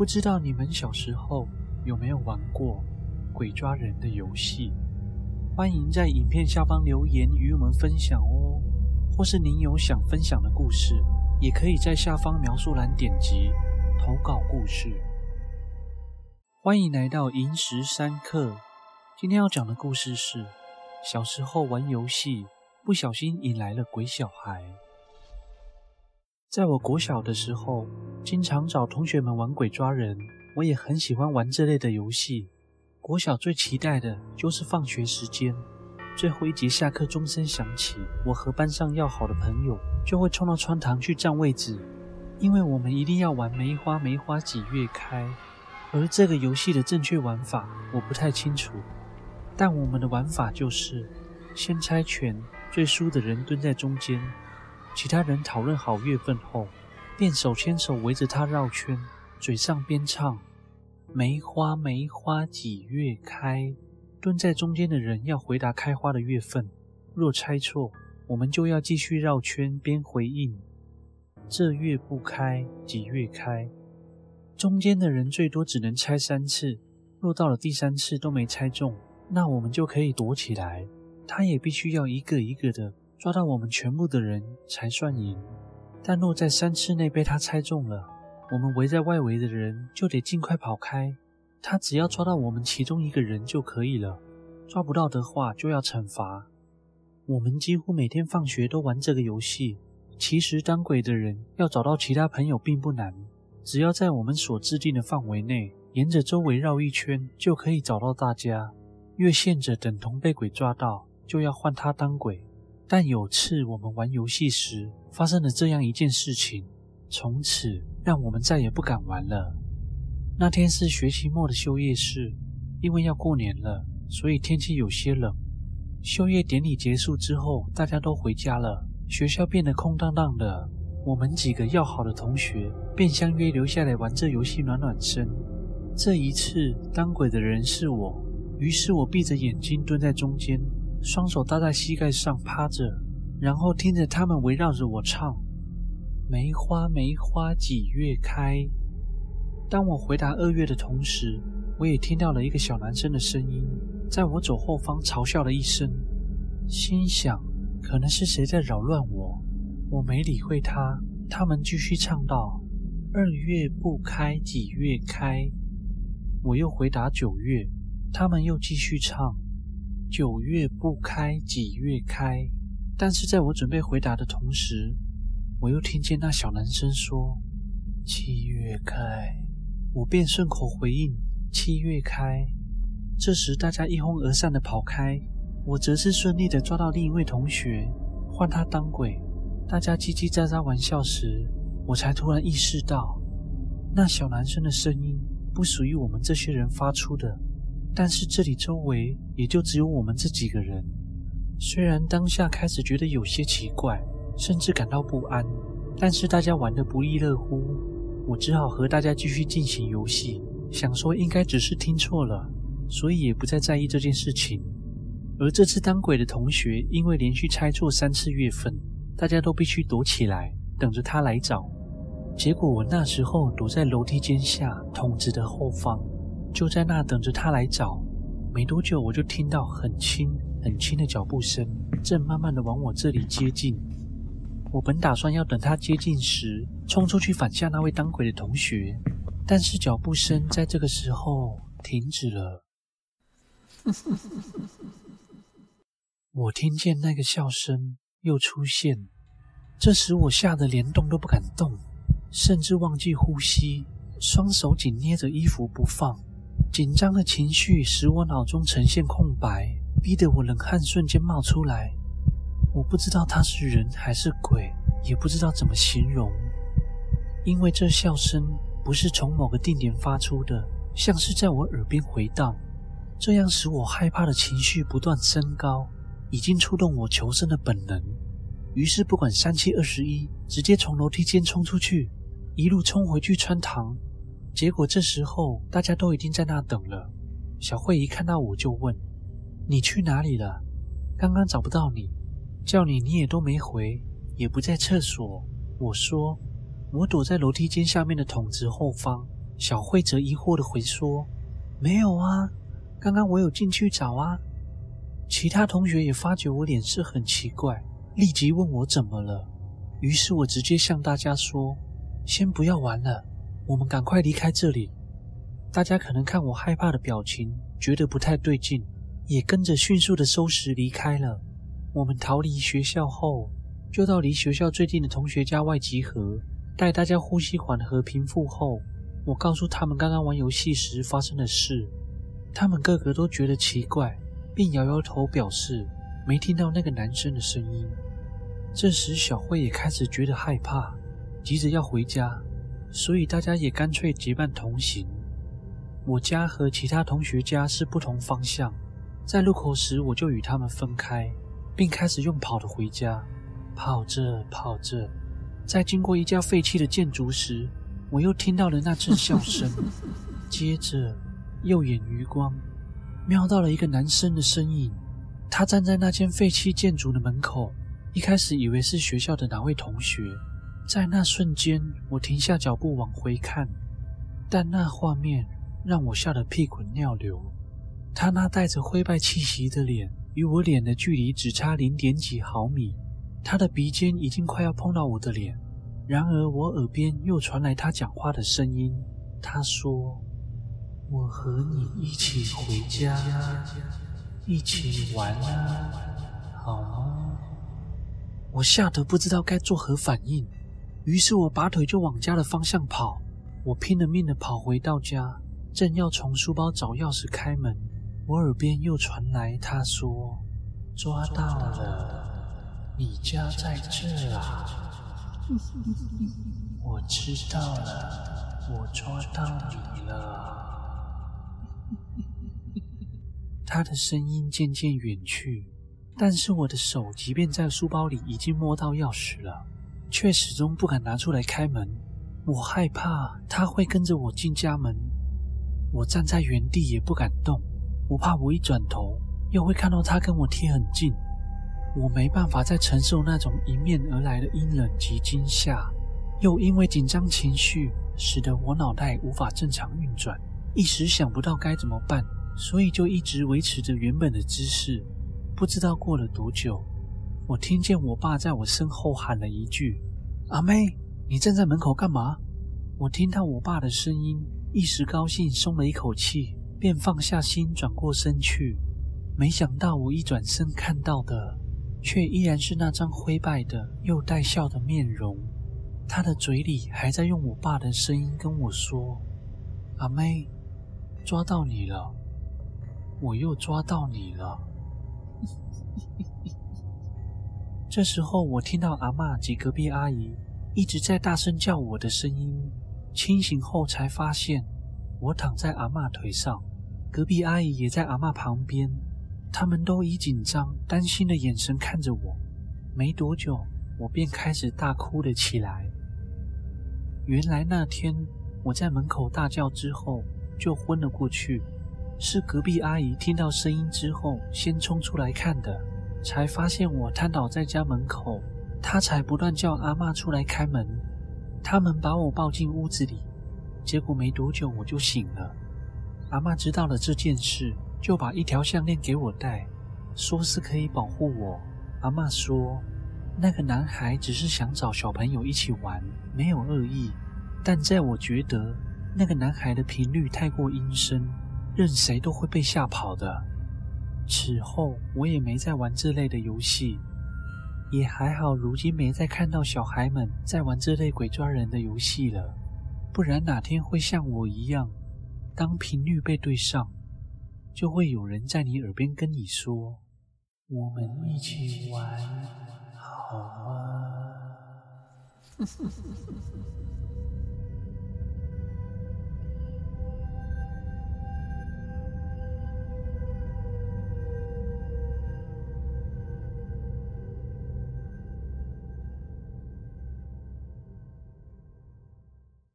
不知道你們小時候有沒有玩過鬼抓人的遊戲？歡迎在影片下方留言與我們分享哦。或是您有想分享的故事，也可以在下方描述欄點擊投稿故事。歡迎來到螢石三刻，今天要講的故事是小時候玩遊戲不小心引來了鬼小孩。在我國小的時候，經常找同學們玩鬼抓人，我也很喜歡玩這類的遊戲。國小最期待的就是放學時間，最後一節下課鐘聲響起，我和班上要好的朋友就會衝到穿堂去佔位置，因為我們一定要玩梅花梅花幾月開。而這個遊戲的正確玩法我不太清楚，但我們的玩法就是先猜拳，最輸的人蹲在中間。其他人討論好月份後，便手牽手圍着他繞圈，嘴上邊唱：“梅花梅花幾月開。”蹲在中間的人要回答開花的月份，若猜錯，我們就要繼續繞圈邊回應：“這月不開，幾月開？”中間的人最多只能猜三次，若到了第三次都沒猜中，那我們就可以躲起來，他也必須要一個一個的。抓到我們全部的人才算贏。但若在三次內被他猜中了，我們圍在外圍的人就得盡快跑開。他只要抓到我們其中一個人就可以了。抓不到的話就要懲罰。我們幾乎每天放學都玩這個遊戲。其實當鬼的人要找到其他朋友並不難，只要在我們所制定的範圍內，沿着周圍繞一圈就可以找到大家。越線者等同被鬼抓到，就要換他當鬼。但有次我們玩遊戲時發生了這樣一件事情，從此讓我們再也不敢玩了。那天是學期末的休業式，因為要過年了，所以天氣有些冷。休業典禮結束之後，大家都回家了，學校變得空蕩蕩的。我們幾個要好的同學便相約留下來玩這遊戲暖暖身。這一次當鬼的人是我，於是我閉着眼睛蹲在中間。雙手搭在膝蓋上趴着，然後聽着他們圍繞着我唱：“梅花梅花幾月開？”當我回答二月的同時，我也聽到了一個小男生的聲音，在我走後方嘲笑了一聲，心想可能是誰在擾亂我，我沒理會他。他們繼續唱到：“二月不開幾月開？”我又回答九月，他們又繼續唱。九月不開，幾月開？但是在我準備回答的同時，我又聽見那小男生說：“七月開。”我便順口回應：“七月開。”這時，大家一哄而散的跑開，我則是順利的抓到另一位同學，換他當鬼。大家嘰嘰喳喳玩笑時，我才突然意識到，那小男生的聲音不屬於我們這些人發出的。但是這裡周圍也就只有我們這幾個人，雖然當下開始覺得有些奇怪，甚至感到不安，但是大家玩得不亦樂乎，我只好和大家繼續進行遊戲，想說應該只是聽錯了，所以也不再在意這件事情。而這次當鬼的同學因為連續猜錯三次月份，大家都必須躲起來，等着他來找。結果我那時候躲在樓梯間下，桶子的後方。就在那等着他來找，沒多久我就聽到很輕很輕的腳步聲，正慢慢的往我這裡接近。我本打算要等他接近時衝出去反嚇那位當鬼的同學，但是腳步聲在這個時候停止了。我聽見那個笑聲又出現，這時我嚇得連動都不敢動，甚至忘記呼吸，雙手緊捏着衣服不放。緊張的情緒使我腦中呈現空白，逼得我冷汗瞬間冒出來。我不知道他是人還是鬼，也不知道怎麼形容，因為這笑聲不是從某個定點發出的，像是在我耳邊回蕩。這樣使我害怕的情緒不斷升高，已經觸動我求生的本能。於是不管三七二十一，直接從樓梯間衝出去，一路衝回去穿堂。結果這時候大家都已經在那等了。小慧一看到我就問：“你去哪裡了？剛剛找不到你，叫你你也都沒回，也不在廁所。”我說：“我躲在樓梯間下面的桶子後方。”小慧則疑惑地回說：“沒有啊，剛剛我有進去找啊。”其他同學也發覺我臉色很奇怪，立即問我怎麼了。於是我直接向大家說：“先不要玩了。”我們趕快離開這裡。大家可能看我害怕的表情，覺得不太對勁，也跟着迅速的收拾離開了。我們逃離學校後，就到離學校最近的同學家外集合。待大家呼吸緩和平復後，我告訴他們剛剛玩遊戲時發生的事。他們個個都覺得奇怪，並搖搖頭表示沒聽到那個男生的聲音。這時，小慧也開始覺得害怕，急着要回家。所以大家也乾脆結伴同行。我家和其他同學家是不同方向，在路口時我就與他們分開，並開始用跑的回家。跑着跑着，在經過一家廢棄的建築時，我又聽到了那陣笑聲。接着，右眼餘光瞄到了一個男生的身影，他站在那間廢棄建築的門口。一開始以為是學校的哪位同學。在那瞬間，我停下腳步往回看，但那畫面讓我嚇得屁滾尿流。他那帶着灰敗氣息的臉與我臉的距離只差零點幾毫米，他的鼻尖已經快要碰到我的臉。然而，我耳邊又傳來他講話的聲音。他說：“我和你一起回家，一起玩啊、一起玩啊、好嗎？”我嚇得不知道該作何反應。於是我拔腿就往家的方向跑，我拼了命的跑回到家，正要從書包找鑰匙開門，我耳邊又傳來他說：“抓到了，你家在這兒啊！”我知道了，我抓到你了。他的聲音漸漸遠去，但是我的手即便在書包裡，已經摸到鑰匙了。卻始終不敢拿出來開門，我害怕他會跟着我進家門。我站在原地也不敢動，我怕我一轉頭又會看到他跟我貼很近。我沒辦法再承受那種迎面而來的陰冷及驚嚇，又因為緊張情緒使得我腦袋無法正常運轉，一時想不到該怎麼辦，所以就一直維持着原本的姿勢。不知道過了多久。我聽見我爸在我身後喊了一句：“阿妹，你站在門口幹嘛？”我聽到我爸的聲音，一時高興，鬆了一口氣，便放下心，轉過身去。沒想到我一轉身看到的，卻依然是那張灰敗的又帶笑的面容。他的嘴裡還在用我爸的聲音跟我說：“阿妹，抓到你了！我又抓到你了！” 這時候，我聽到阿嬤及隔壁阿姨一直在大聲叫我的聲音。清醒後才發現，我躺在阿嬤腿上，隔壁阿姨也在阿嬤旁邊，他們都以緊張、擔心的眼神看着我。沒多久，我便開始大哭了起來。原來那天我在門口大叫之後就昏了過去，是隔壁阿姨聽到聲音之後先衝出來看的。才發現我癱倒在家門口，他才不斷叫阿媽出來開門。他們把我抱進屋子裡，結果沒多久我就醒了。阿媽知道了這件事，就把一條項鏈給我戴，說是可以保護我。阿媽說，那個男孩只是想找小朋友一起玩，沒有惡意。但在我覺得，那個男孩的頻率太過陰森，任誰都會被嚇跑的。此後，我也沒再玩這類的遊戲，也還好。如今沒再看到小孩們在玩這類鬼抓人的遊戲了，不然哪天會像我一樣，當頻率被對上，就會有人在你耳邊跟你說：“我們一起玩，好嗎？”